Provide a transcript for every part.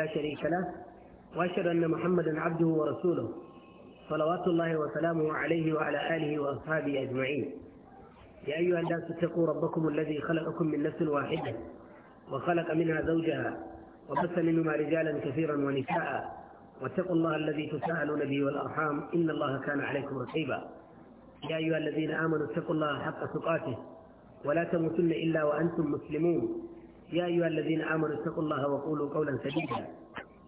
لا شريك له واشهد ان محمدا عبده ورسوله صلوات الله وسلامه عليه وعلى اله واصحابه اجمعين يا ايها الناس اتقوا ربكم الذي خلقكم من نفس واحده وخلق منها زوجها وبث منهما رجالا كثيرا ونساء واتقوا الله الذي تساءلون به والارحام ان الله كان عليكم رقيبا يا ايها الذين امنوا اتقوا الله حق تقاته ولا تموتن الا وانتم مسلمون يا أيها الذين آمنوا اتقوا الله وقولوا قولا سديدا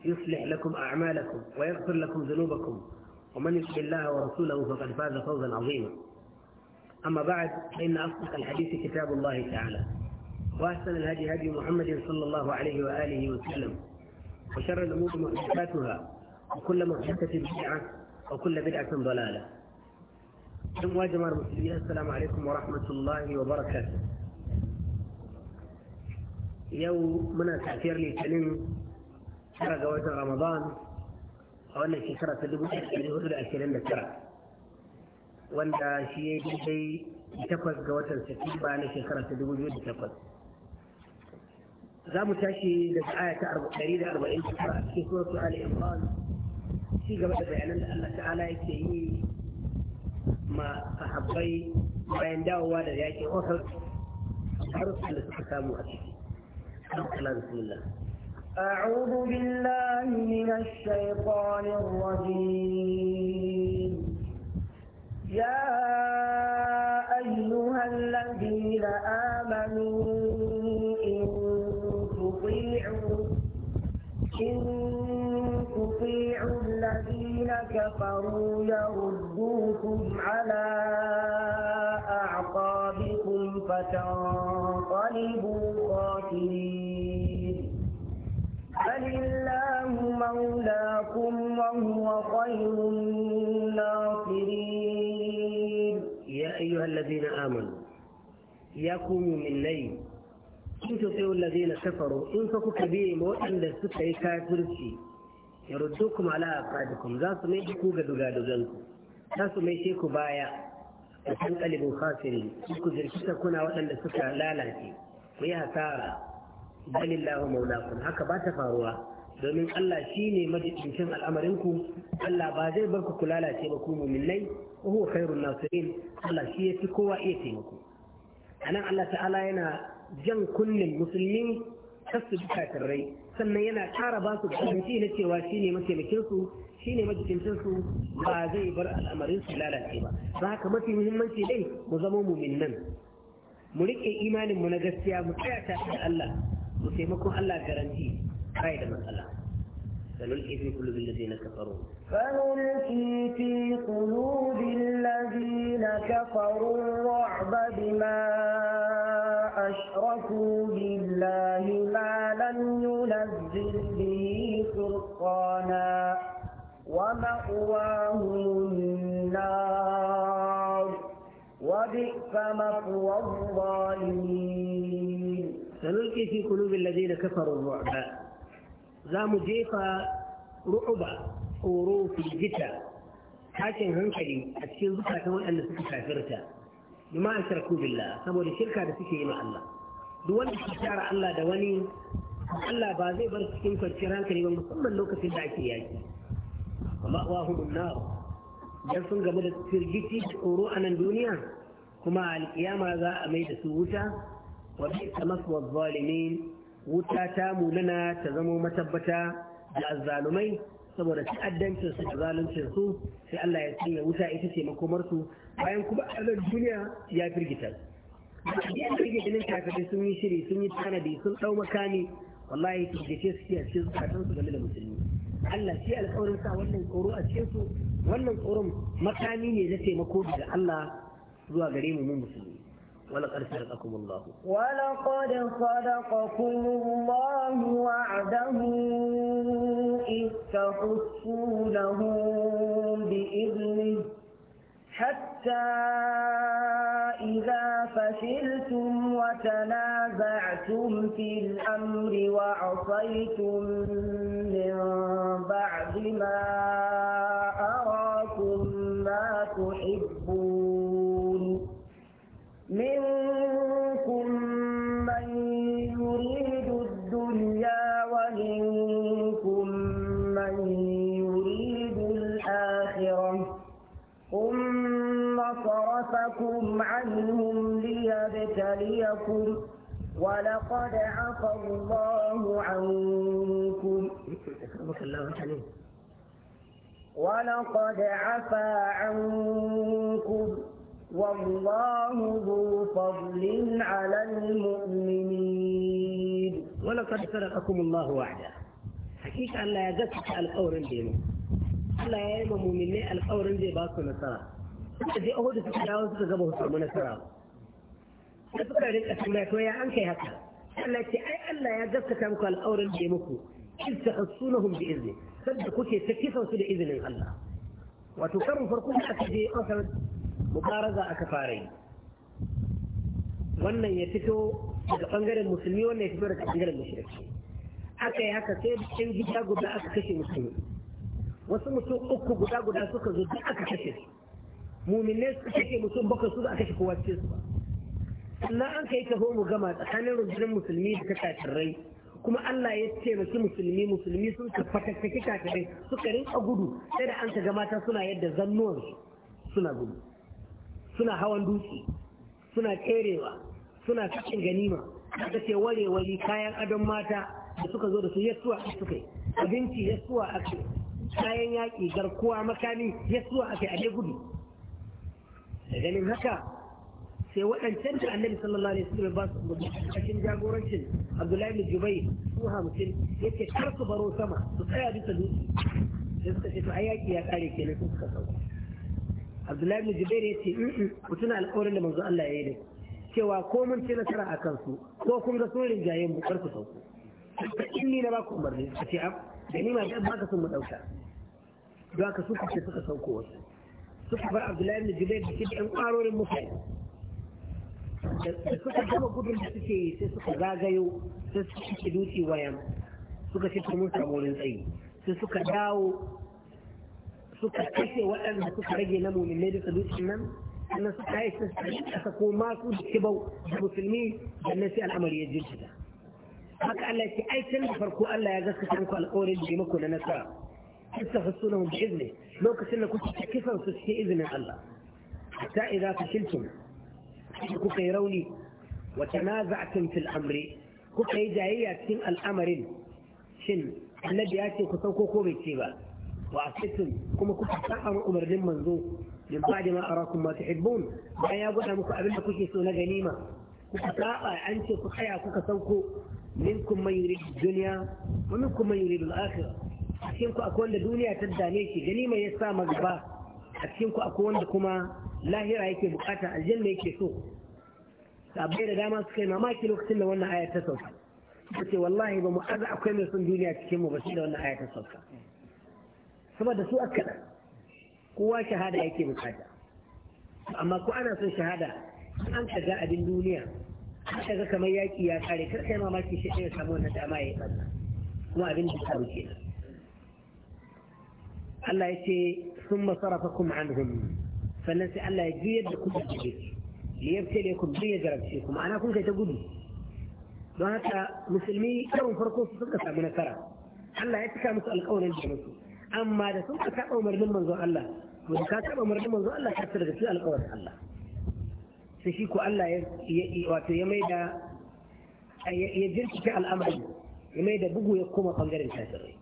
يصلح لكم أعمالكم ويغفر لكم ذنوبكم ومن يطع الله ورسوله فقد فاز فوزا عظيما أما بعد فإن أصدق الحديث كتاب الله تعالى وأحسن الهدي هدي محمد صلى الله عليه وآله وسلم وشر الأمور محدثاتها وكل محدثة بدعة وكل بدعة ضلالة. ثم جماعة المسلمين السلام عليكم ورحمة الله وبركاته. yau muna safiyar litinin tara ga watan ramadan a wannan shekara ta dubu ɗaya hudu da ashirin da tara wanda shi ya yi daidai takwas ga watan satumba na shekara ta dubu biyu da takwas za mu tashi daga aya ta ɗari da arba'in da tara a cikin suratu ali imran ci gaba da bayanan da allah ta'ala yake yi ma sahabbai bayan dawowa da yakin ofis har da suka samu a ciki بسم الله أعوذ بالله من الشيطان الرجيم يا أيها الذين آمنوا إن تطيعوا إن تطيعوا الذين كفروا يردوكم على أعقابكم فتنقلبوا خاسرين بل الله مولاكم وهو خير الناصرين يا أيها الذين آمنوا يكون من ليل إن تطيعوا الذين كفروا إن فكوا كبيرهم وإن السكة كافرتي يردوكم على أفعادكم ذات ميشكوا قدقادوا ذنكم ذات ميشكوا بايا da kan ɗalibin khasiri ku jirkita kuna waɗanda suka lalace ku yi hasara balillahu maulakum haka ba ta faruwa domin Allah shi ne al'amarin al'amarinku Allah ba zai bar ku lalace ba ku muminai ko khairun nasirin Allah shi yafi kowa iya taimako anan Allah ta'ala yana jan kunnen musulmi kasu bi sannan yana ƙara ba su garanti na cewa shine mataimakinsu shine majikincinsu ba zai bar al'amarin su lalace ba ba haka mafi muhimmanci dai mu zama mumin nan mu riƙe imanin mu na gaskiya mu tsaya ta Allah mu taimako Allah garanti kai da matsala سنلقي في قلوب الذين كفروا فنلقي في قلوب الذين كفروا الرعب بما أشركوا بالله ما لم ينزل به سلطانا ومأواهم النار وبئس مثوى الظالمين سنلقي في قلوب الذين كفروا الرعب zamu jefa ru'uba tsoro firgita tashin hankali a cikin zukatan waɗanda suka kafirta bima an sharku billah saboda shirka da suke yi ma Allah duk wanda ke tara Allah da wani Allah ba zai bar cikin kwanciyar hankali ba musamman lokacin da ake yaki amma wa hudun na dan sun gamu da firgici tsoro a nan duniya kuma alkiyama za a mai da su wuta wa bi bi'sa maswa zalimin wuta ta munana ta zamo matabbata da azzalumai saboda ta'addancin su da zaluncin su sai Allah ya sanya wuta ita ce makomar bayan kuma azabar duniya ya firgita yan firgita nan kafirai sun yi shiri sun yi tanadi sun ɗau makami wallahi firgice suke a cikin zukatan su game da musulmi Allah shi alƙawarin sa wannan tsoro a cikin su wannan tsoron makami ne na taimako daga Allah zuwa gare mu mun musulmi ولقد صدقكم الله ولقد صدقكم الله وعده إذ تحسونه بإذنه حتى إذا فشلتم وتنازعتم في الأمر وعصيتم من بعد ما أراكم ما تحبون يصدكم عنهم ليبتليكم ولقد عفى الله عنكم ولقد عفى عنكم والله ذو فضل على المؤمنين ولقد سرقكم الله وحده حقيقة أن لا يجسد القول دينه Allah ya yi ma mummune alƙawarin zai ba suka je ohudu suka dawo suka gaba su samu nasara da suka rinka tambaya to ya an kai haka Allah ce ai Allah ya gaskata muku al'auran da ya muku in tahassunahum bi izni sabda kuke ta kisan su da izinin Allah wato karin farko da aka je kasar mubaraza aka fara yi wannan ya fito daga bangaren musulmi wannan ya fito daga bangaren musulmi. aka yi haka sai cikin gida guda aka kashe musulmi wasu mutum uku guda guda suka zo duk aka kashe su muminai su kake mutum bakwai su a kake kowa cikin su ba sannan an kai taho mu gama tsakanin rundunar musulmi da ta kafirai kuma Allah ya taimaki musulmi musulmi sun fatattaki su suka rinka gudu sai da an ta gama ta suna yadda zannuwar suna gudu suna hawan dutse suna kerewa suna cikin ganima aka ce wani kayan adon mata da suka zo da su yasuwa suka yi abinci yasuwa ake kayan yaƙi garkuwa makami yasuwa kai a gudu ganin haka sai waɗancan da annabi sallallahu alaihi wasallam ba su cikin jagorancin abdullahi bin jubai su hamsin yace kar su baro sama su tsaya bisa dutse sai suka ce to ayyaki ya kare kenan sun suka sauka abdullahi bin jubai yace ku tuna alƙawarin da manzo Allah ya yi ne cewa ko mun ci nasara a kansu ko kun ga sun rinjaye mu kar ku sauko ni na ba ku umarni a ce a? ganima da ba ka sun mu dauka don haka su kuke suka sauko wasu تحب عبد الله بن جبير بن سيدي انقار والمخيل تكتب جمع قدر المسيسي سيسوك غاغيو سيسوك كدوتي ويام سوك سيسوك موسى مولين سي سيسوك داو سوك كيسي وقال ما سوك رجي نمو من ميدو كدوت حمام انا سوك هاي سيسوك اتقوم ماركو جكبو المسلمين جنسي العملية جلسة حكا الله يسي اي سنة فرقو الله يغسك عنكو الأوريل بمكو لنسرا حتى تستخلصونهم بإذنه لو كسلنا كنت تكفا وتسكي إذن الله حتى إذا فشلتم كنت يروني وتنازعتم في الأمر كنت يجعي أكسين الأمر شن الذي يأتي كتوكو كوبي تيبا وأكسلتم كما كنت تأمر أمر لمنزو من بعد ما أراكم ما تحبون بأي أقول لكم أبنى كشي سنه غنيمة كنت أنت كخيا كنت منكم من يريد الدنيا ومنكم من يريد الآخرة a cikin ku akwai wanda duniya ta dame shi gani mai yasa magaba a cikin ku akwai wanda kuma lahira yake bukata aljanna yake so sabai da dama suka yi mamaki lokacin da wannan aya ta sauka suka ce wallahi ba mu aza akwai mai son duniya cikin mu ba shi da wannan aya ta sauka saboda su aka kowa shahada yake bukata amma ko ana son shahada an ka ga abin duniya an ga kamar yaki ya kare kar kai mamaki shi ya samu wannan dama ya yi kuma abin da ta wuce الله يتي ثم صرفكم عنهم فالناس الله يجي يدكم بالجبيل ليبتليكم بي يجرب فيكم أنا كنت تقول وهذا مسلمي كون فرقوس سلطة من الثرى الله يتكى مسأل قول الجنس أما إذا سلطة أمر من منذ الله وإذا كانت أمر من منذ الله تحصل في القول الله فشيكو الله يميد يجرسك الأمر يميد بقو يقوم قنجر الكاسرين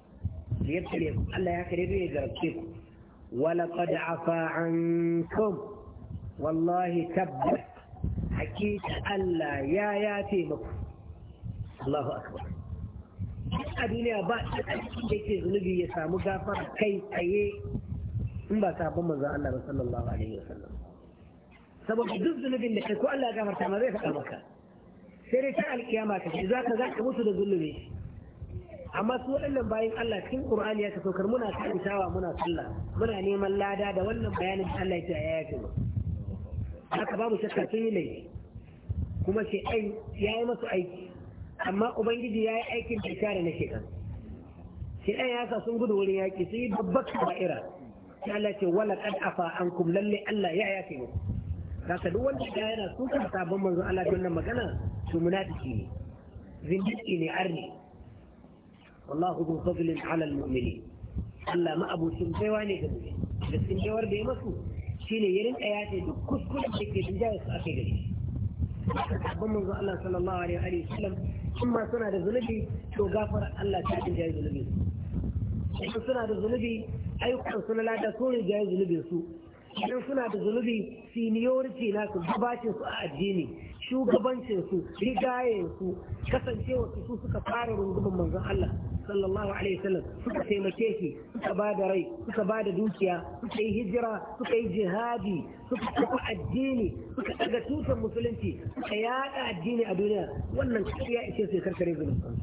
liyabtaliyakum Allah ya kare ya garabce ku wala ولقد عفا عنكم والله تبت حقيقة ألا يا ياتي مكو الله أكبر a duniya ba a cikin da ke zunubi ya samu gafar kai tsaye in ba sabon manzo Allah sallallahu alaihi wasallam saboda duk zunubin da kai ko Allah ya gafarta ma zai faɗa maka sai dai ta alkiyama ka ce za ka za ka mutu da zunubi amma su waɗannan bayan Allah cikin Qur'ani ya ta saukar muna karantawa muna sallah muna neman lada da wannan bayanin da Allah ya ya yafe haka babu shakka sun yi laifi kuma shi ai ya yi masu aiki amma ubangiji ya yi aikin da share na shekar shi ɗan ya sa sun gudu wurin yaƙi sun yi babbar kaba'ira sai Allah ce wala qad afa ankum lalle Allah ya yafe muku kasa duk wanda ya yana sukan sabon manzon Allah don nan magana to munafiki ne zindiki ne arni wallahu ذو فضل على المؤمنين Allah ma'abucin baiwa ne ga mu'min da cikin da ya masu shine ya rinka yace duk kuskuren da ke tunjaya su aka gari sabon manzo Allah sallallahu alaihi wa sallam in ma suna da zunubi to gafara Allah ta tunjaya zunubi idan suna da zunubi ayyukan suna lada sun rigaye zunubin su idan suna da zunubi seniority na su gabacin su a addini shugabancin su rigayen su kasancewa su su suka fara rungumin manzon Allah sallallahu alaihi wasallam suka taimake shi suka ba da rai suka ba da dukiya suka yi hijira suka yi jihadi suka tafi addini suka daga tutar musulunci suka yada addini a duniya wannan ya ishe sai karkare zulumin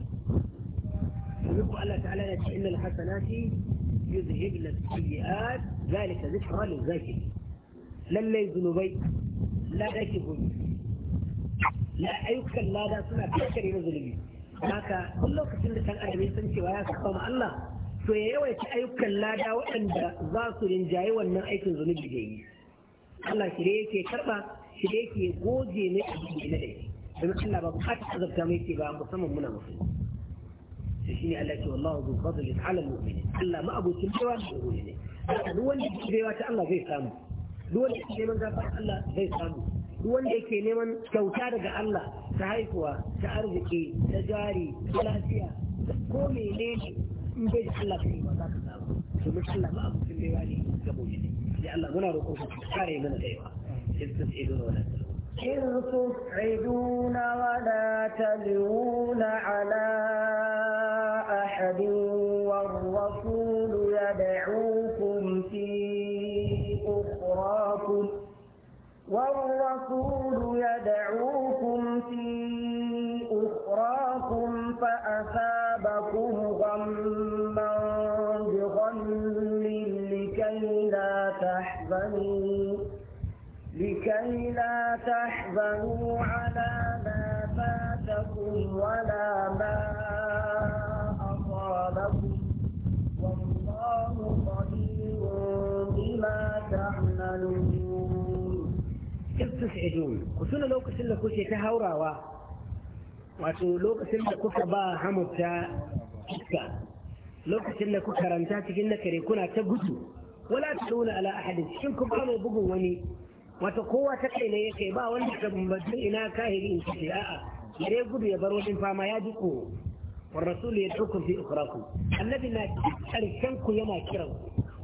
يقول الله تعالى إن الحسنات يذهبن السيئات ذلك ذكرى للذاكرين lallai zunubai la dake gobe na ayyukan lada suna kakkare na zunubi haka duk lokacin da kan adam san cewa ya saba ma Allah to ya yawaita ayyukan lada waɗanda za su rinjaye wannan aikin zulubi da yi Allah shi yake karba shi yake goje ne a cikin da yake don Allah ba bukata azabta mai ke ba musamman muna musulmi to shine Allah ce wallahu zu fadli ala mu'minin Allah ma abokin cewa da goje ne duk wanda ke cewa ta Allah zai samu duk wanda ke neman gafara Allah zai samu wanda yake neman kyauta daga Allah ta haihuwa ta arziki ta jari ta lafiya ko ne in bai da Allah kai ba za ka samu domin Allah ba abu sun baiwa ne ga ne ya Allah muna roƙon su ta kare mana da yawa in daiwa izzat idun wala إذ تصعدون ولا تلوون على أحد والرسول يدعوكم والرسول يدعوكم في أخراكم فأثابكم غما بغل لكي لا تحزنوا لكي لا تحزنوا على ما فاتكم ولا ما أصابكم والله قدير بما تعملون tus'idun ku tuna lokacin da kuke ta haurawa wato lokacin da kuka ba hamurta iska lokacin da kuka ranta cikin nakare kuna ta gudu wala tuna ala ahadin cikin ku ba mai bugun wani wato kowa ta kai ne yake ba wanda ka bambanci ina kahiri in kace a'a yare gudu ya bar wajen fama ya ji ko wa rasul ya dukun fi ukraku annabi na karshen ku yana kiran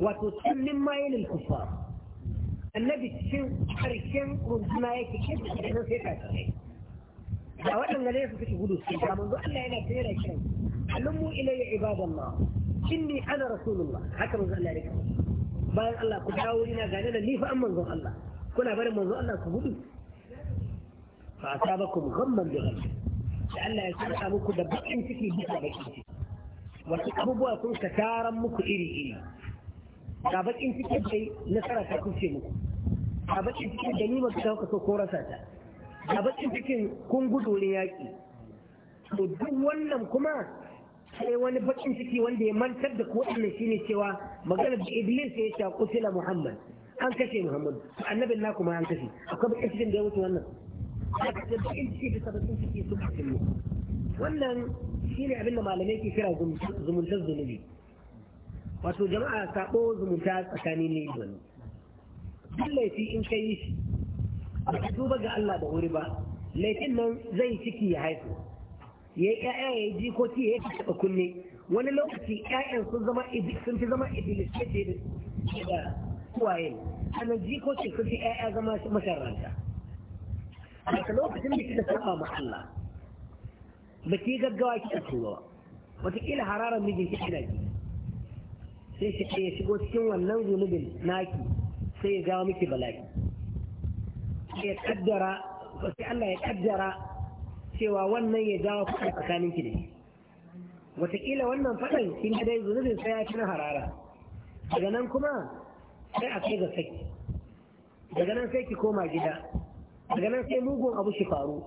wato tun min mayilil annabi cikin ƙarshen runduna yake cikin da sai ka tsaye da waɗanda ne su suke gudu su ga manzo Allah yana tsere shi alummu ilayya ibadallah inni ana rasulullah haka manzo Allah ya rika bayan Allah ku dawo ina gane da ni fa an manzo Allah kuna barin manzo Allah ku gudu fa asabakum ghamman bi ghamman da Allah ya saka muku da bakin ciki bisa bakin ciki wasu abubuwa sun ka taran muku iri iri ga bakin cikin kai nasara ta kuce muku ga bakin cikin ganima ta kuka ko rasa ta ga bakin cikin kun gudu ne yaƙi to duk wannan kuma sai wani bakin ciki wanda ya mantar da ku wannan shine cewa maganar da iblis ya ce kutila muhammad an kashe muhammad annabin naku kuma an kashe akwai bakin cikin da ya wuce wannan da bakin ciki da sabbin ciki su kashe mu wannan shine abin da malamai ke kira zumuntar zunubi wato jama'a sabo zumunta tsakanin ne da wani duk laifi in kai shi ba duba ga Allah da wuri ba laifin nan zai ciki ya haifu ya yi ƴaƴa ya yi jikoki ya yi taɓa kunne wani lokaci ƴaƴan sun zama sun fi zama ce da kuwaye sannan jikoki sun fi ƴaƴa zama masharanta a lokacin da kika saba ma Allah ba ki gaggawa kika tuwa wataƙila hararar mijin na ji sai shi ya shigo cikin wannan zunubin naki sai ya jawo miki bala'i sai ya kaddara sai Allah ya kaddara cewa wannan ya jawo faɗa tsakanin ki ne wataƙila wannan faɗan kin dai zunubin sai ya ci na harara daga nan kuma sai a kai ga saki daga nan sai ki koma gida daga nan sai mugun abu shi faru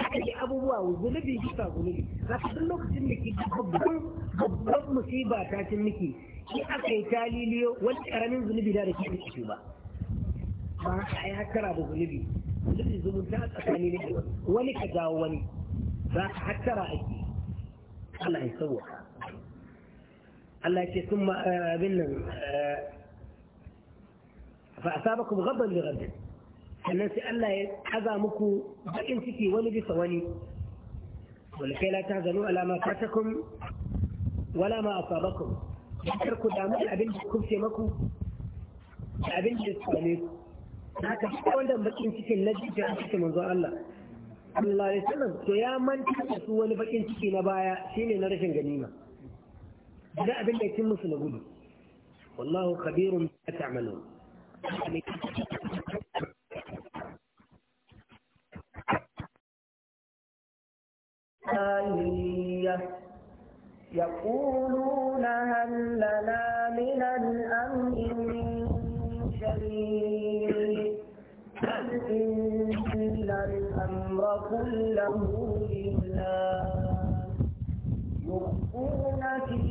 ake abubuwa zunubi bisa zunubi za ka duk lokacin da ke babban babban musiba ta cin miki in aka yi taliliyo wani karamin zunubi da da ke ba ba haka ai hattara da zunubi zunubi zumunta tsakani ne wani ka jawo wani za ka hattara ake Allah ya sauwaka Allah ce sun abin nan fa asabakum ghadban li ghadin sannan sai Allah ya aza muku bakin ciki wani bisa wani walakai la tahzanu ala ma fatakum wala ma asabakum kar ku damu da abin da kubce maku da abin da same ku haka shi wannan bakin cikin na jiki a cikin manzo Allah Allah ya sanar to ya manta da su wani bakin ciki na baya shine na rashin ganima da abin da kin musu na gudu wallahu khabirun bi ta'malun آمين يقولون هل لنا من الأمر من شيء هل إن الأمر كله لله يخفون في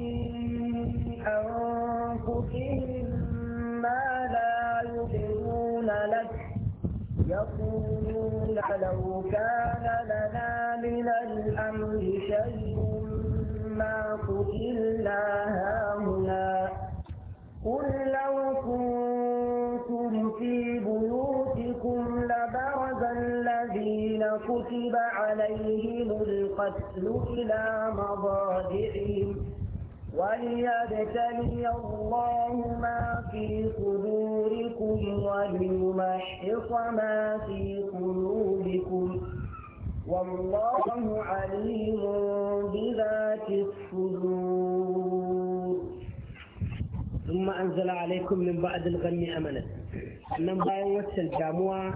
أنفسهم ما لا يبدون لك يقولون لو كان لنا من الأمر شيء الأعناق إلا هاهنا قل لو كنتم في بيوتكم لبرز الذين كتب عليهم القتل إلى مضاجعهم وليبتلي الله ما في صدوركم وليمحص ما في قلوبكم والله عليم بذات الصدور ثم أنزل عليكم من بعد الغم أمنة أنم بايو وصل جاموا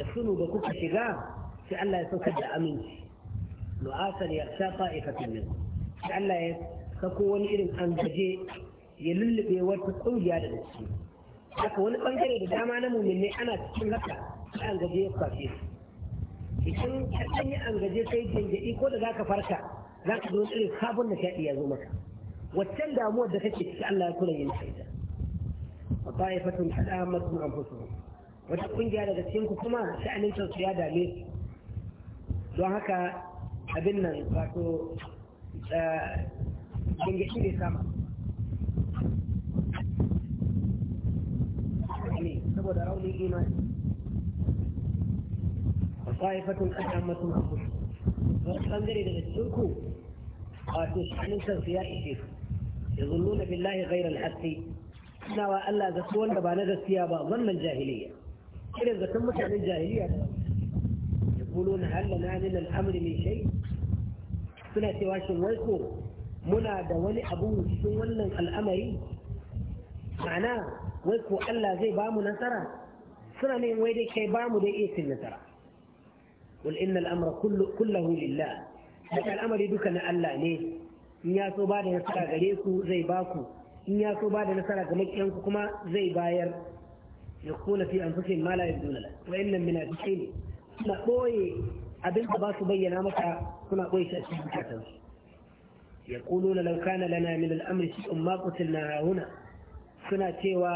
أسنوا بكوك شغا في ألا يتوكد أمين لآسل يأسى طائفة منه في ألا يتكون إلي أنجي يللقي ويتقل يا للسي لكن وانا قنجري بجامعنا مؤمنين أنا تشمل لك أنجي يبقى idan an yi an gaje kai gyangyaɗi ko da za ka farka za ka zo irin sabon na shaɗi ya zo maka waccan damuwar da kake ciki Allah ya kula yin shaida wa ta'ifatun hada masu anfusuhum wata ƙungiya daga cikin ku kuma sha'anin su ya dame don haka abin nan wato eh, gyangyaɗi bai sama saboda raunin imani طائفة أشعمة من أنفسهم فاستنظر إلى الشرك قاتل شعن تغفياء الشرك يظنون بالله غير الحق أنا وألا ذكون دبانا ذكيابا ظن الجاهلية إلى ذكمة عن الجاهلية يقولون هل لنا من الأمر من شيء سنة سواش ويكو منا دولي أبو سوالا الأمري معناه ويكو ألا زي بامو نصرا سنة من ويدي كي بامو دي إيه نصرا قل إن الأمر كله, كله لله حتى الأمر يدك أن ألا ليه إن ياسو بعد يسرى غريكو زي باكو إن ياسو بعد نسرى غمك ينككما زي باير يقول في أنفسهم ما لا يبدون له وإن من أجحيني كنا قوي أبن تباس بينا مكا كنا قوي شأسي يقولون لو كان لنا من الأمر شيء ما قتلنا هنا كنا تيوا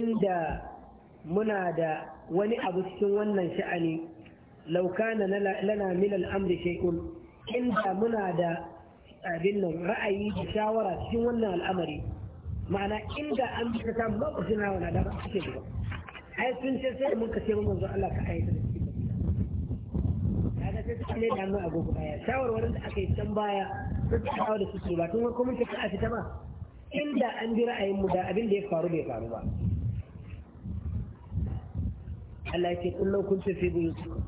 عند منادى وني أبو سنوان شأني لو كان لنا من الأمر شيء عند منادى أبن رأي شنو سوانا الأمر معنى عند أمر كتام لا أرسلنا ولا دابا أرسلنا أي سنسل سيء من كثير من ذو الله كأي هذا تتحلي لأنه أبو بغايا شاور ورد أكي تنبايا تتحاول السسوبة تنوكم انت كأس تما عند أمر رأي مدى أبن دي فارو بي فارو الله يقول لو كنت في بيوتكم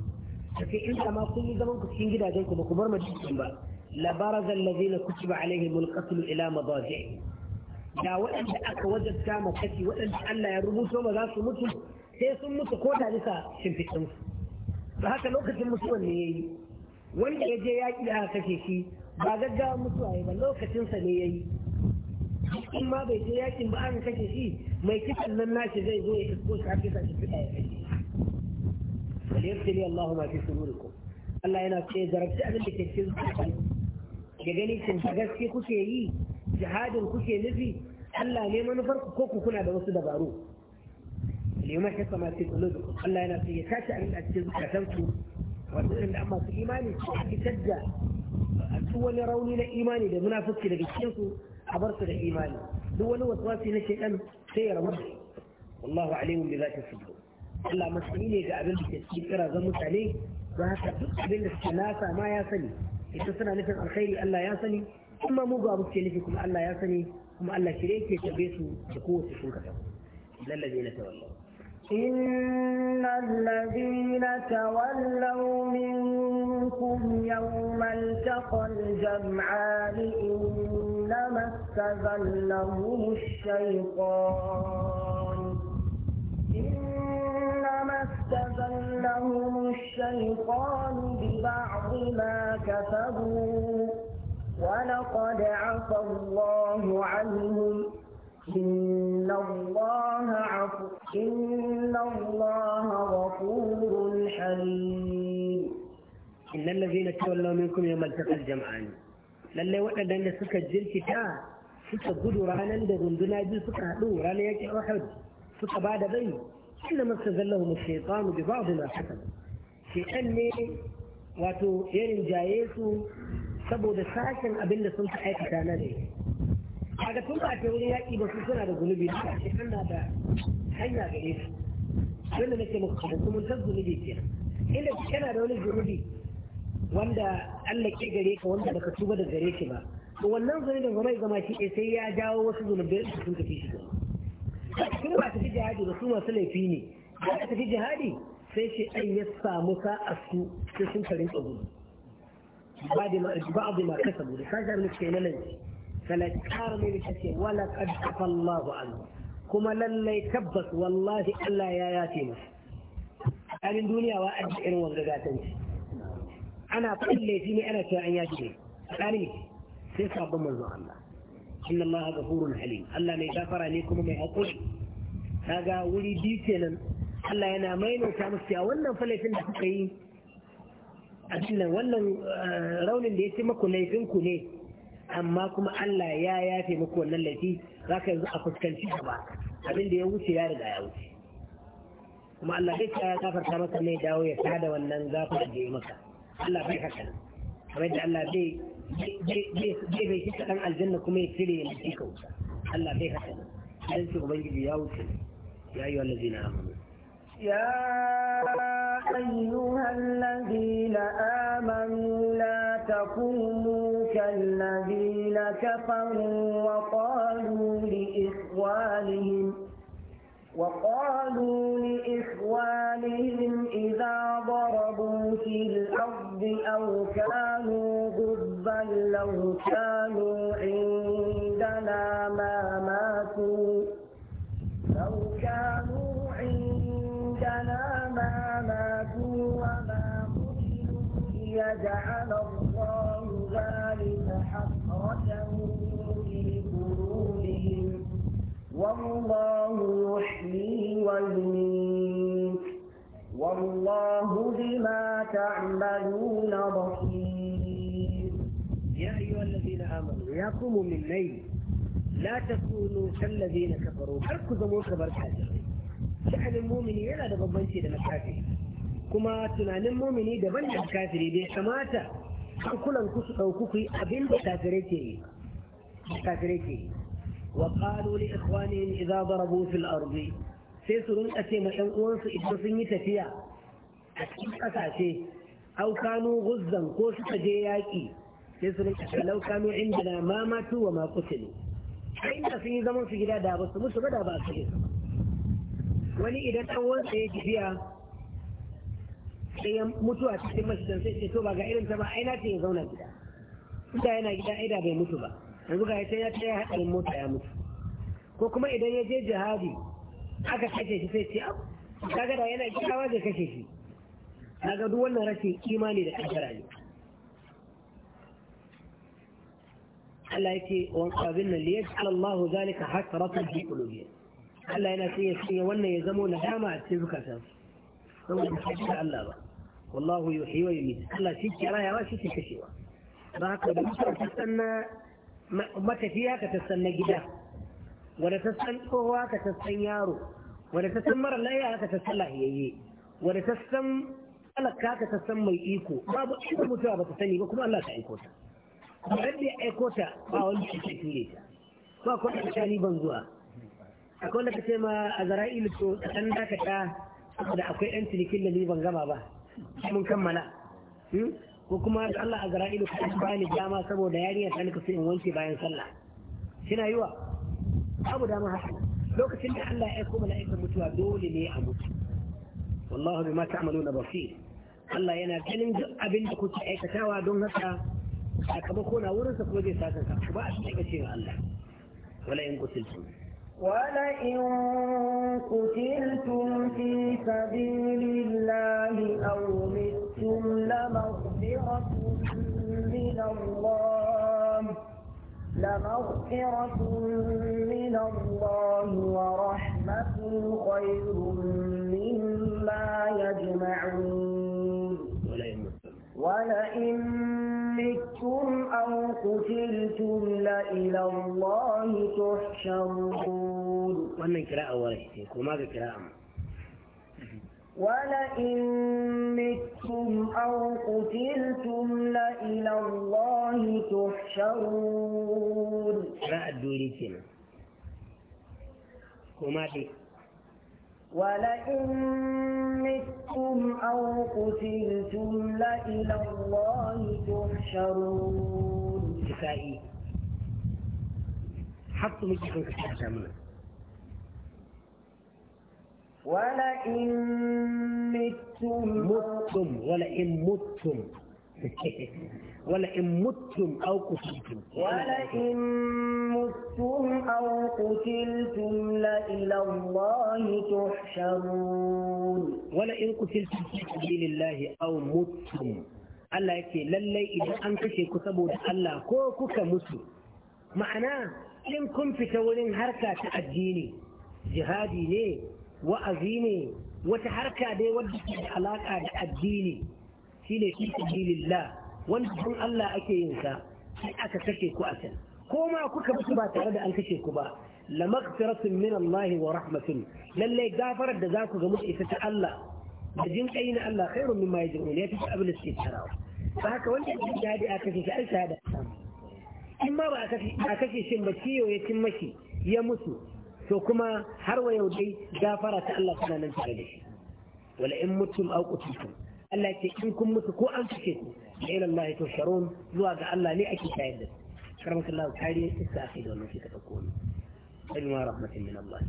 take inda ma kun yi zaman ku cikin gidajen ku ba ku bar majalisun ba labaraza allazina kutiba alaihim alqatl ila madaji da waɗanda aka wajabta ma kashi waɗanda Allah ya rubuto ba za su mutu sai sun mutu ko da bisa shimfiɗin su da haka lokacin mutuwan ne yayi wanda ya je yaƙi da aka kashe shi ba gaggawa mutuwa ba lokacin sa ne yayi in ma bai je yaƙin ba aka kashe shi mai kisan nan nashi zai zo ya isko shi a kisa shi fiɗa ya kashe فليبتلي الله ما في صدوركم الله انا شيء ضربت قبل لك الكذب جاني سنتجس كي خشي جهاد خشي نفي هلا ليه ما نفرق كوكو كنا بوسط دبارو اليوم احنا ما في صدوركم الله انا في كاسع من الكذب كتمتو وأن أما في إيماني في سجة الدول يروني لإيماني إذا منافق لك الشيخ عبرت لإيماني دول وسواسي نشيئا سير مرحي والله عليهم بذات الصدور Allah masani ne ga abin da ke cikin kirazan mutane ba haka duk abin da suke nasa ma ya sani ita suna nufin alkhairi Allah ya sani kuma mu ba muke nufi kuma Allah ya sani kuma Allah shi yake tabe su da kowace shugaba lallazina tawallaw إن الذين تولوا منكم يوم التقى الجمعان إنما استزلهم الشيطان استزلهم الشيطان ببعض ما كسبوا ولقد عفى الله عنهم إن الله عفو إن الله غفور حليم إن الذين تولوا منكم يوم التقى الجمعان lallai waɗanda سك jirkita كتاب gudu ranar da runduna biyu suka سك ranar yakin Uhud suka ba إنما استزلهم الشيطان ببعض ما حكم شيطان ne wato ya rinjaye su saboda sashen abin sun fi aikata na ne kaga tun ba ta wurin yaƙi ba su suna da zunubi haka shi da hanya gare su wanda nake muku da kuma ta zunubi ke inda kana da wani zunubi wanda Allah ke gare ka wanda baka tuba da gare shi ba to wannan zunubin ba mai zama shi sai ya jawo wasu zunubai sun tafi shi gaba in ba tafi jihadi ba su masu laifi ne ba ta tafi jihadi sai shi ɗan ya samu sa'a su sai sun karin tsagudu ba da ma kasa bude sai da mulki na nan falakar ne da ce wala qad afallahu anhu kuma lallai tabbas wallahi Allah ya yafe masa halin duniya wa adda irin wanga gatanci ana kulle shi ne ana cewa an yafe ne sai sabon manzon Allah inna Allah ghafurun halim Allah mai gafara ne kuma mai hakuri kaga wuri biyu kenan Allah yana ta musu a wannan falafin da kuka yi a cikin wannan raunin da ya muku laifin ku ne amma kuma Allah ya yafe muku wannan laifi zaka yanzu a fuskanci gaba abin da ya wuce ya riga ya wuce kuma Allah bai ya gafarta maka ne dawo ya sada wannan gafara da ya maka Allah bai haka kamar da Allah bai zai bai aljanna kuma ya cire ya mace ka Allah bai haka ne dan ce ubangiji ya wuce ya yi wannan zina amanu يا ta kunu آمنوا na تكونوا كالذين كفروا وقالوا لإخوانهم وقالوا لإخوانهم إذا ضربوا في الأرض أو كانوا غبا لو كانوا عندنا ما ماتوا لو كانوا عندنا ما ماتوا وما قتلوا ليجعل الله ذلك حسرة في قلوبهم والله لي وليك والله بما تعملون بصير يا أيها الذين آمنوا يا قوم من ليل لا تكونوا كالذين كفروا حركوا زمون كبر حاجرين شأن المؤمن يلا ده ببنتي ده مكافي كما تنان المؤمن ده بنتي مكافري ده شماتا كلن كسو أو كفي أبين كافريتي كافريتي وقالوا لإخوانهم إذا ضربوا في الأرض سيسرون أتي ما في إجرسين تفيا أتعشي أو كانوا غزا قوس تجياكي سيسرون لو كانوا عندنا ما ماتوا وما قتلوا عند في زمن في جدا دابس مش بدا بأسجد ولي إذا ɗan wansa ya tafiya sai ya mutu a cikin masjidan sai ce to ba ga irin ta ba aina ce ya zauna gida inda yana gida aida bai mutu ba yanzu ga yace ya ce ya haɗarin mota ya mutu ko kuma idan ya je jihadi aka kashe shi sai ce kaga da yana kirawa zai kashe shi kaga duk wannan rashin imani da ƙaddara ne Allah yake wan qabin nan li yaj'al zalika hasratan fi qulubihim Allah yana sai ya sanya wannan ya zamo nadama a cikin zukatan saboda ba Allah ba wallahu yuhyi wa yumiit Allah shi ke rayawa shi ke kashewa ba haka da mutum ta sanna matafiya ka tassan na gida wadda tassan tsohuwa ka tassan yaro wadda tassan mara laya ka tassan lahiyayye wadda tassan alaka ka tassan mai iko babu inda mutuwa ba ta sani ba kuma Allah ta aiko ta ba da ya aiko ta ba wani cikin ture ta ba kuwa da shani ban zuwa akwai da ka ce ma a zara'ilu to ɗan dakata da akwai 'yan cinikin da ni ban gama ba mun kammala hmm? ko kuma da Allah a gara ido ka ba ni dama saboda yarinya ta nika sai in wanke bayan sallah kina yiwa abu dama haka lokacin da Allah ya aiko mala'ikan mutuwa dole ne a mutu wallahu bima ta'maluna basir Allah yana ganin duk abin da kuke aikatawa don haka sakamako na wurinsa kuma zai sakanka ba a cikin cewa Allah wala in kusiltum ولئن قتلتم في سبيل الله أو متم لمغفرة من الله لمغفرة من الله ورحمة خير مما يجمعون ولئن مت أو قتلتم لإلى الله تحشرون ومن قراءة ورشتك وما قراءة ولئن متم أو قتلتم لإلى الله تحشرون قراءة دوري كما دي ولئن متم أو قتلتم لإلى الله تحشرون كفائي حط مجحن كتابنا ولئن متم متم ولئن متم ولئن متم أو قتلتم ولئن متم أو قتلتم لإلى الله تحشرون ولئن قتلتم في سبيل الله أو متم ألا يكي للي إذا أنت شيء كتبوا الله كوكك مسلم معناه إن كنت في تولين هركة تأديني جهادي ليه وأذيني وتحركة دي ودي في علاقة تأديني في سبيل الله wanda don Allah ake yin sa sai aka kashe ku a can ko ma kuka mutu ba tare da an kashe ku ba la maghfiratun min Allah wa rahmatun lalle gafarar da za ku ga mutu ita ta Allah da jin kai na Allah khairun mimma yajrun ya fi abin da suke tarawa haka wanda ya jadi aka kashe ai shahada in ma ba a kashe shin ba ciyo ya cin mashi ya mutu to kuma har wa yau dai gafara ta Allah tana nan tare da shi wala in mutum au qutiltum Allah ke in kun mutu ko an kashe ku إلى الله تحشرون زوا ga Allah ne ake الله da karamar Allah kare تكون ake بما رحمة من الله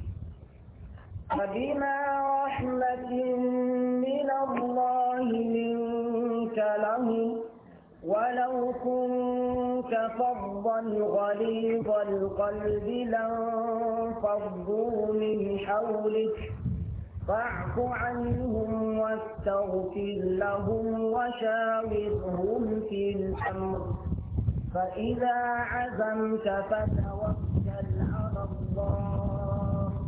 فبما رحمة من الله منك لهم ولو كنت فظا غليظ القلب لانفضوا من حولك فاعف عنهم واستغفر لهم وشاورهم في الأمر فإذا عزمت فتوكل على الله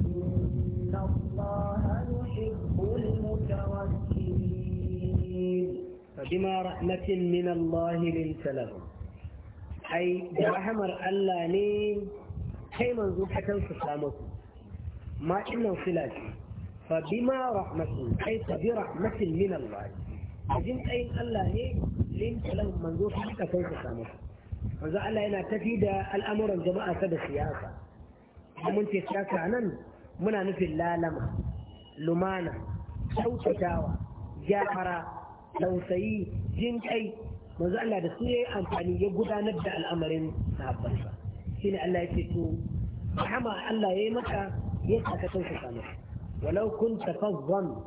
إن الله يحب المتوكلين فبما رحمة من الله لنت لهم أي برحمر الله لي كي منزوحة تنسى ما إلا وصلاتي فبما رحمة أي فبرحمة من الله عجمت أي الله لنت لهم منظور حتى كيف تعمل فزعل أن تفيد الأمر الجماعة سد السياسة ومن تسياسة عنا منا نفي الله لما لمانا أو تتاوى جاهرة لو سيء جنت أي وزعل أن تسيء أن تعني يقول نبدأ الأمر سابقا هنا الله يتسو حما الله يمكا يتسكتون في الأمر ولو كنت فظا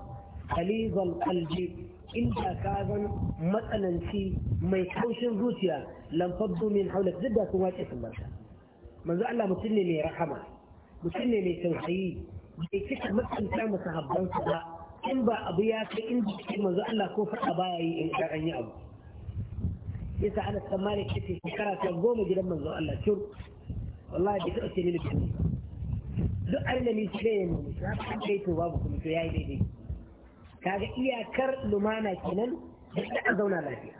خليظ القلب إن كاظا مثلا في ميحوش روسيا لم فضوا من حولك زد أكوات إثم الله من ذا الله مسلم رحمه مسلم توحيي بيكتا مثلا كامل صحبا صدا إن با أبياك إن بيكتا من ذا الله كفر أبائي إن كان يأب يسا على السمالك كتي فكرة يقوم جدا من ذا الله شر والله بتؤتي من ذا duk abin da ni shi da yanzu na kan kai to babu kuma to yayi daidai kaga iyakar lumana kenan da ta zauna lafiya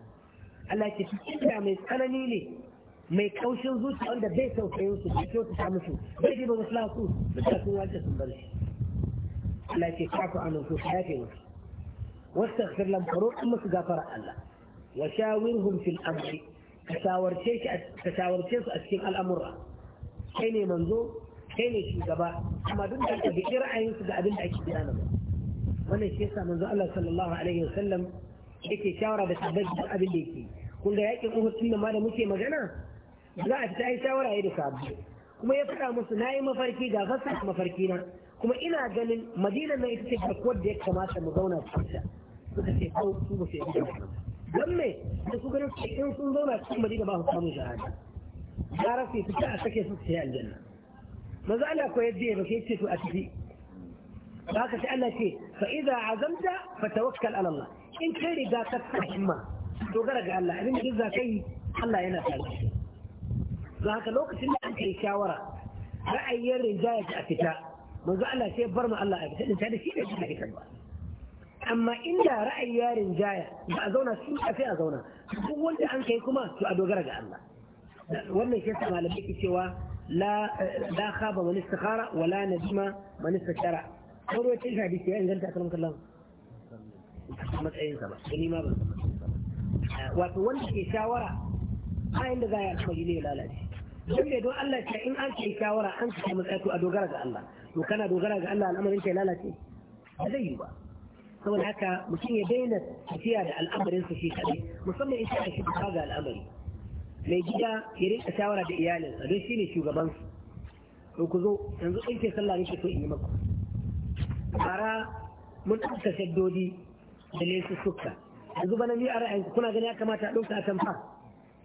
Allah ce inda mai tsanani ne mai kaushin zuciya wanda bai tausayin su bai kyautata musu bai diba wasu lasu duk da sun wace sun bar shi Allah ce kafa anan ko ya kai wasu واستغفر لهم فروح أمس غفر الله وشاورهم في الأمر تشاورتيش تشاورتيش أسكن الأمر كيني منظور kai ne shugaba amma duk da ka bi ra'ayinsu da abin da ake gida na wannan shi yasa manzo Allah sallallahu alaihi wasallam yake shawara da sabbin abin da yake kun ga yakin Uhud tun da muke magana za a ta yi shawara yi da sabbi kuma ya faɗa musu na yi mafarki ga fasa mafarki na kuma ina ganin madina na ita ce garkuwar da ya kamata mu zauna ta suka ce kau su ba su yi gida don me da su ganin in sun zauna cikin madina ba su samu shahada gara su fita a sake su su yi aljanna ماذا أنا أكو يديه بكي يتسو أتفي فهذا سألنا شيء فإذا عزمت فتوكل على الله إن كيري دا تتحمى تغرق على الله إذن جزا كي الله ينفع ذاك الوقت اللي أنت إشاورة رأي يرين جاية أتفاء ماذا أنا شيء برمى الله إذن تاني شيء يجب لك الله أما إن رأي يرين جاية بأزونا سوء في أزونا فهو أنت أنت كما تؤدو غرق على الله وما يشتغل بك سواه لا لا خاب من استخارة ولا ندم من استشارة هو وجه الحديث يعني قلت أكلم كلام ما تأين سبب إني ما بس وتوان الشاورة أين لغا يأخذني لا لا لم يدو الله شيء إن أنت الشاورة أنت كم تأتوا أدوغرج الله وكان أدوغرج الله الأمر أنت لا لا شيء هذا يبقى سواء هكا مشين بين الأمر أنت في هذه مصمم إنسان هذا الأمر mai gida ya rinka shawara da a don shi ne shugaban su. to ku zo yanzu ke sallah ke so in yi maku bara mun ɗauka shaddodi da lesu suka yanzu bana ni a ra'ayin kuna gani ya kamata a ɗauka a kan fa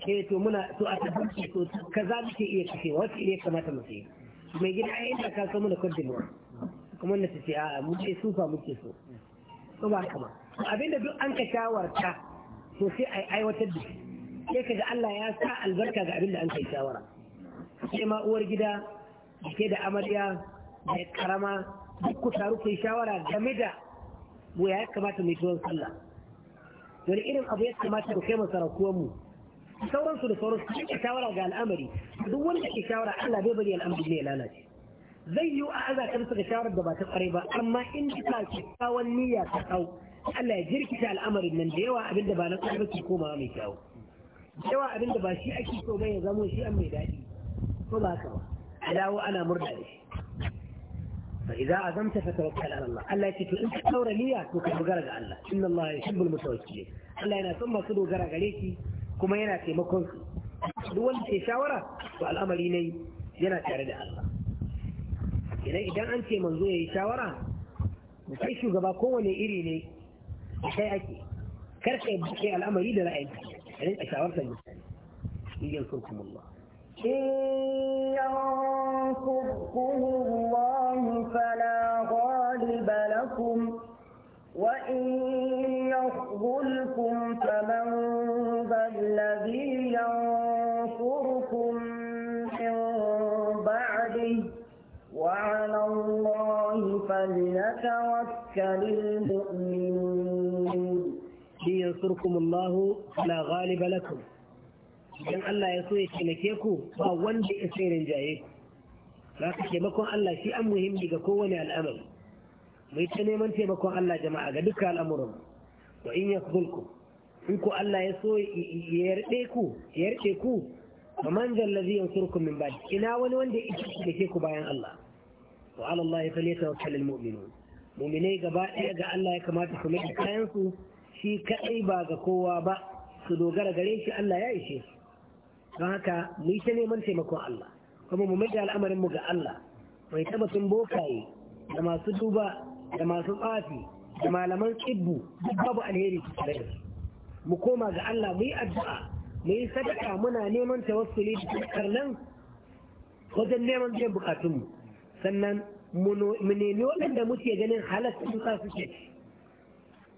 ke eh, to muna to a tabbaci to kaza muke iya kashe wasu iya kamata mu sayi mai gida ai inda ka so mana kwadin ruwa kuma na ce a mu ce sufa ce so to ba kama. abinda duk an ka shawarta to sai ai aiwatar da shi كيف الله يا سا البركة قبل أن تيساورا كما أورجدا كيدا أمريا كرما بكو شارو في شاورا جميدا ويا كما تنجوان صلى ولكن أبو يا كما تنجوان صلى كوامو شاورا سورة سورة شاورا قال أمري دولنا شاورا على بيبني الأمر بني الألاج زي يؤذى كمسك شاورا دباتة قريبة أما إن كتاك شاورا نية تقو ألا يجري كتا الأمر من ديوا أبن دبانا قلبك يكوما yawa abin da ba shi ake so ba ya zamo shi an mai daɗi ko ba haka ba a dawo ana murna da shi fa idza azamta fa tawakkal ala Allah Allah yake to in ka saura niyya to ka dogara ga Allah inna Allah yuhibbul mutawakkilin Allah yana son masu dogara gare shi kuma yana taimakon su duk wanda ke shawara to al'amari ne yana tare da Allah idan idan an ce manzo yayi shawara sai shugaba kowane iri ne sai ake karka yi al'amari da ra'ayin ai a shawar da mutane shi ya sun in yankukum Allah fala ghaliba lakum wa in yakhulkum faman dhalladhi yanfurukum وعلى الله yansurkum Allahu la ghaliba lakum idan Allah ya so ya taimake ku ba wanda ya sai rinjaye za ka taimakon Allah shi an muhimmi ga kowane al'amari mu ta neman taimakon Allah jama'a ga duka al'amuran wa in yasbulku in ku Allah ya so ya yarde ku ya yarde ku man zal ladhi yansurukum min ba'd ina wani wanda ya taimake ku bayan Allah wa ala Allah falyatawakkalul mu'minun mu'minai gaba ɗaya ga Allah ya kamata su mai kayan su shi kaɗai ba ga kowa ba su dogara gare shi Allah ya ishe su don haka mu yi ta neman taimakon Allah kuma mu mai da al'amarin mu ga Allah mai sun bokaye da masu duba da masu tsafi da malaman tsibbu duk babu alheri su tare mu koma ga Allah mu yi addu'a mu yi sadaka muna neman tawassuli da karnan wajen neman biyan bukatunmu sannan mu nemi waɗanda muke ganin halar su suke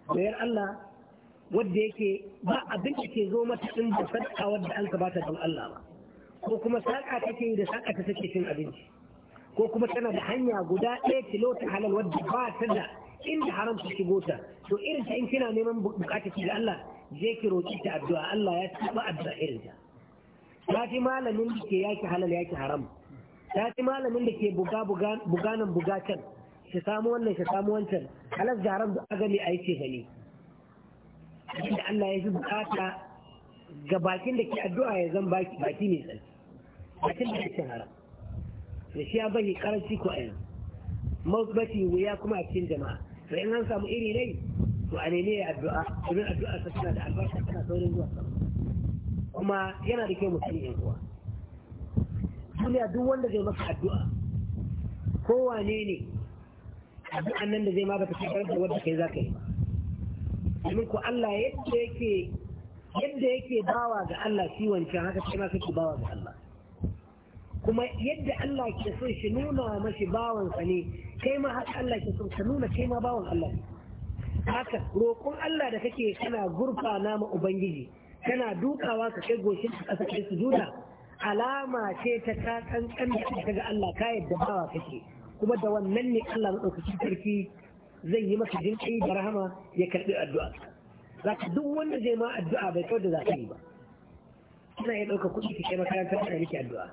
bayar Allah wadda yake ba abin da ke zo mata in da sadaka wadda an ta don Allah ba ko kuma saka take yi da saka ta take cin abinci ko kuma tana da hanya guda ɗaya kilo ta halal wadda ba ta da inda haram ta shigo ta to irin ta in kina neman bukata ki da Allah je ki roki ta addu'a Allah ya taba addu'a irin ta ta fi malamin da ke yaki halal yaki haram ta fi malamin da ke buga buga buganan bugatan ki samu wannan ki samu wancan halal da haram da agami a yi ce gani da Allah ya fi bukata ga bakin da ke addu'a ya zan baki baki mai tsarki bakin da ke haram da shi ya bari karanci ko ayin mawubaci wuya kuma a cikin jama'a to in an samu iri ne to a ne ya addu'a domin addu'a ta tana da albarka tana saurin zuwa sama kuma yana da kyau mutum yan uwa duniya duk wanda zai maka addu'a kowane ne addu'an nan da zai maka ta shekarar da wadda kai za ka yi ba domin ku Allah yadda yake yadda yake bawa ga Allah shi wancan haka kai ma kake bawa ga Allah kuma yadda Allah ke son shi nuna mashi bawansa ne kai ma haka Allah ke son ka nuna kai ma bawan Allah ne haka roƙon Allah da kake kana gurfa nama ubangiji kana dukawa ka kai goshin ka ƙasa kai sujuda alama ce ta ka kankan da kaga Allah ka yadda bawa kake kuma da wannan ne Allah maɗaukaki sarki zai yi maka jinki da rahama ya karbi addu'a za ka duk wanda zai ma addu'a bai kawai da za ka yi ba Kina iya ɗauka kuɗi ki kai makaranta da miki addu'a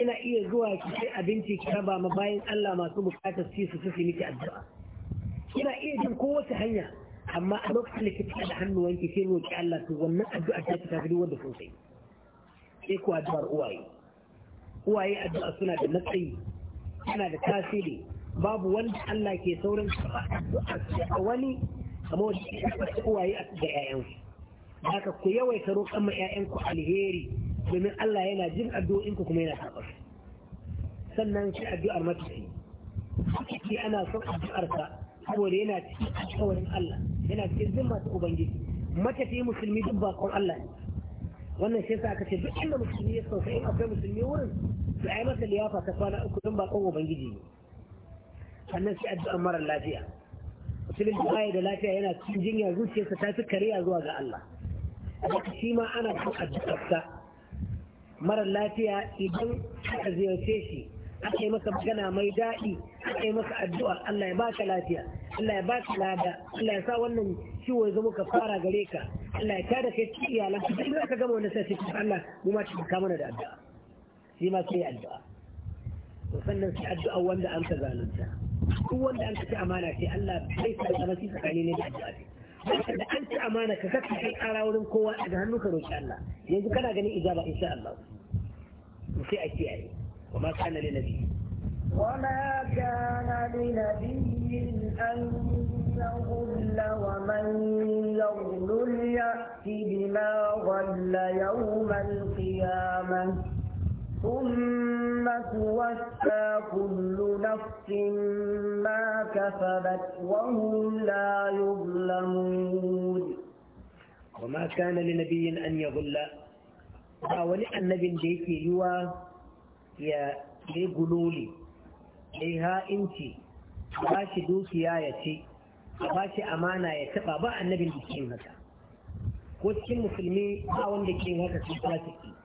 ina iya zuwa ki kai abinci ki raba ma bayan Allah masu buƙatar ci su sufi miki addu'a ina iya jin kowace hanya amma a lokacin da kike da hannuwanki sai roki Allah to wannan addu'a ta ta tafi wanda sosai sai ku addu'ar uwaye uwaye addu'a suna da matsayi suna da tasiri babu wanda Allah ke saurin a wani kamar da ya taɓa uwaye a ga 'ya'yansu haka ku yawaita roƙon ma 'ya'yanku alheri domin Allah yana jin addu'o'inku kuma yana karɓar sannan shi addu'ar matafi ciki ana son ka saboda yana cikin alƙawarin Allah yana cikin zimma ta ubangiji matafi musulmi duk bakon Allah ne wannan shi yasa aka ce duk inda musulmi ya sauka in akwai musulmi wurin su ai masa liyafa ta kwana uku don bakon ubangiji ne sannan sai addu'ar marar lafiya musulun da baya da lafiya yana cikin jinya zuciyarsa ta fi kariya zuwa ga Allah haka shi ma ana kan addu'arsa marar lafiya idan aka ziyarce shi aka yi masa magana mai daɗi aka yi masa addu'a Allah ya ba ka lafiya Allah ya ba ka lada Allah ya sa wannan ciwo ya zama ka fara gare ka Allah ya tada kai cikin iyalan ka duk aka gama wannan sai cikin Allah mu ma cikin ka da addu'a shi ma sai addu'a to sannan sai addu'a wanda an ka zalunta duk wanda an ci amana sai Allah bai sa masu tsakani ne da addu'a da an ci amana ka saka kai ƙara wurin kowa daga hannu ka roki Allah yanzu kana ganin ijaba insha Allah sai a kiyaye wa ma kana lil nabi وما كان لنبي أن يغل ومن ya bi ma غل yawmal qiyamah ثم توفى كل نفس ما كسبت وهم لا يظلمون وما كان لنبي أن يظل أولي ya ديك يوا يا لغلولي لها إنتي bashi dukiya ya ce a bashi amana ya taba ba annabin da ke haka ko cikin musulmi ba wanda ke haka sun fara ciki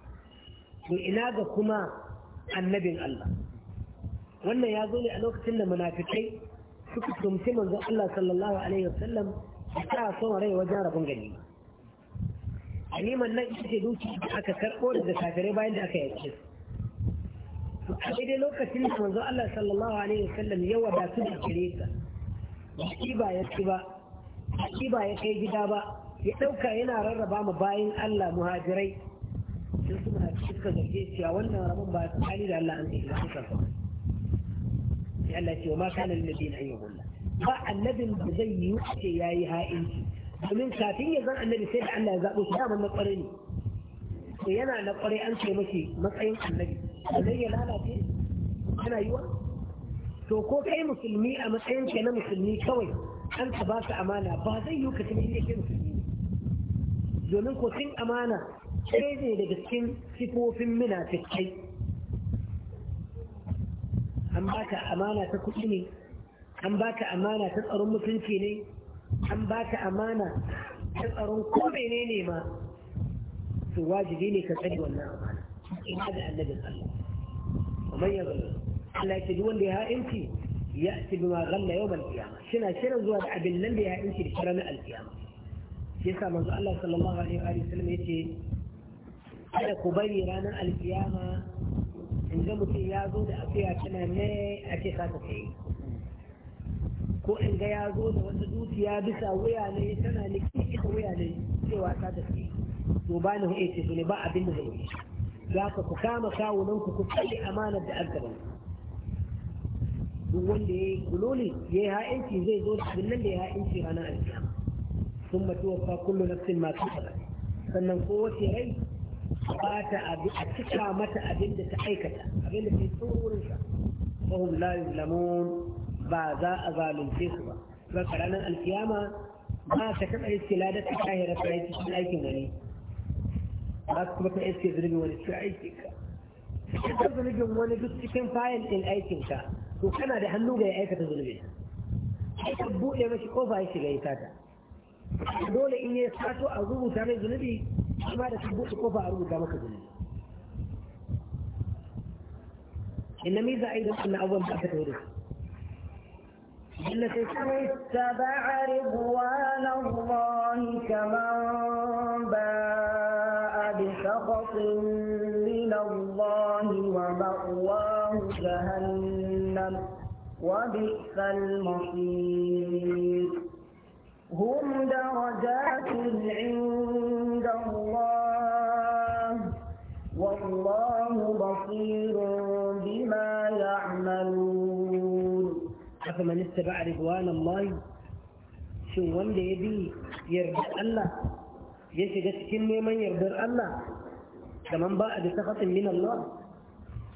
to ina ga kuma annabin Allah wannan ya zo ne a lokacin da munafikai suka tumci manzo Allah sallallahu alaihi wasallam ta son rai wajen rabon gani ganiman nan ita ce duki aka karɓo daga kafirai bayan da aka yake su a daidai lokacin da manzo Allah sallallahu alaihi wasallam ya wadatu da kire ta ba ya ci ba ba ya kai gida ba ya ɗauka yana rarraba mu bayan Allah muhajirai sun su suka zarge cewa wannan rabon ba su tsakani da Allah an yi ba suka sai Allah ce ma kana lillahi an yi gulla ba annabin da zai yi ce yayi ha'inci domin kafin ya zan annabi sai da Allah ya zabo shi amma na kware ne to yana na kware an ce mashi matsayin annabi zai ya lalace kana yiwa to ko kai musulmi a matsayin ka na musulmi kawai an ka ba ka amana ba zai yi ka tafi ne ke musulmi domin ko cin amana ne daga cikin sifofin munafikai an baka amana ta kuɗi ne an baka amana ta tsaron mutunci ne an baka amana ta tsaron ko ne ma su wajibi ne ka tsari wannan amana in da annabin Allah ومن يغل Allah ya ce wanda ya ha'inci ya ci bi magalla yau mal kiyama shina shirin zuwa da abin nan da ya ha'inci da al kiyama shi yasa manzo Allah sallallahu alaihi wa sallam yace kada ku bari ranar alkiyama in ga mutum ya zo da afiya tana ne a ce sa ta sayi ko in ga ya zo da wata dukiya bisa wuya ne tana liki ita wuya ne cewa sa ta sayi to ba ni hoye ce ne ba abin da zai za ka ku kama kawunan ku ku kalli amanar da aka bani duk wanda ya yi kuloli ya yi ha'inci zai zo da abin nan da ya ha'inci ranar alkiyama sun matuwa fa kullu nafsin ma kasabat sannan kowace rai ba ta a cika mata abin da ta aikata abin da ke tsorin sa fahim la yuzlamun ba za a zalunce su ba ba ranar alkiyama ba ta taɓa iske ladar ta kahira ta yi cikin aikin wani ba ta kuma ta iske zurbin wani cikin aikin ka ta zurbin wani duk cikin fayil ɗin aikin ka to kana da hannu ga ya aikata zurbin sai ka buɗe mashi kofa ya shiga ya sata dole in ya sato a rubuta mai zunubi kuma da kan buɗe kofa a rubuta maka zunubi inna me za a yi da wannan abubuwan da aka tauri إلا اتبع رضوان الله كمن باء بسخط من الله ومأواه جهنم وبئس المصير هم درجات عند الله والله بصير بما يعملون أفمن استبع رضوان الله شو وندي يبي يرضى الله يشجع كلمة من يرضى الله كمان بعد سخط من الله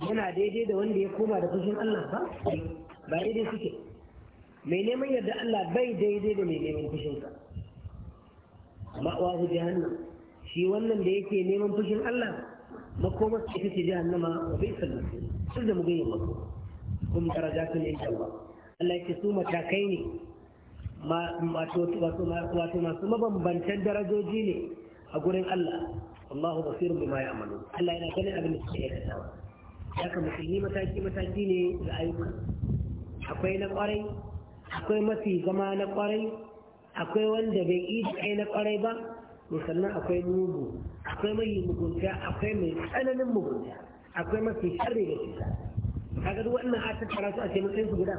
من عديد وندي يقوم على فشل الله ها بعد سكت mai neman yadda Allah bai daidai da mai neman fushinsa amma wahu jahannam shi wannan da yake neman fushin Allah makomar ce take jahannama a bai sallu sun da mugayin mako kuma darajatun insha Allah Allah yake su matakai ne wato masu mabambantan darajoji ne a gurin Allah Allahu basirun bima ya'malu Allah yana ganin abin da suke kama su yi mataki mataki ne ga ayyuka akwai na kwarai akwai mafi zama na kwarai akwai wanda bai yi kai na kwarai ba musamman akwai mugu akwai mai mugunta akwai mai tsananin mugunta akwai mafi sharri da cuta kaga duk wannan a tattara su a ce matsayin su guda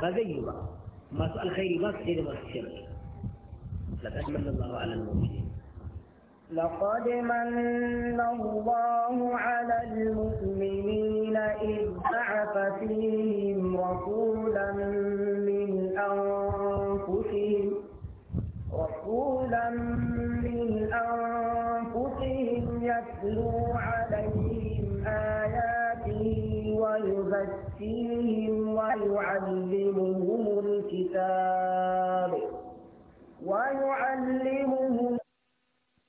ba zai yi ba masu alkhairi ba su ce da masu shirki laqad manallahu لقد من الله على المؤمنين إذ بعث فيهم رسولا من أنفسهم رسولا من أنفسهم يتلو عليهم آياته ويزكيهم ويعلمهم الكتاب ويعلمهم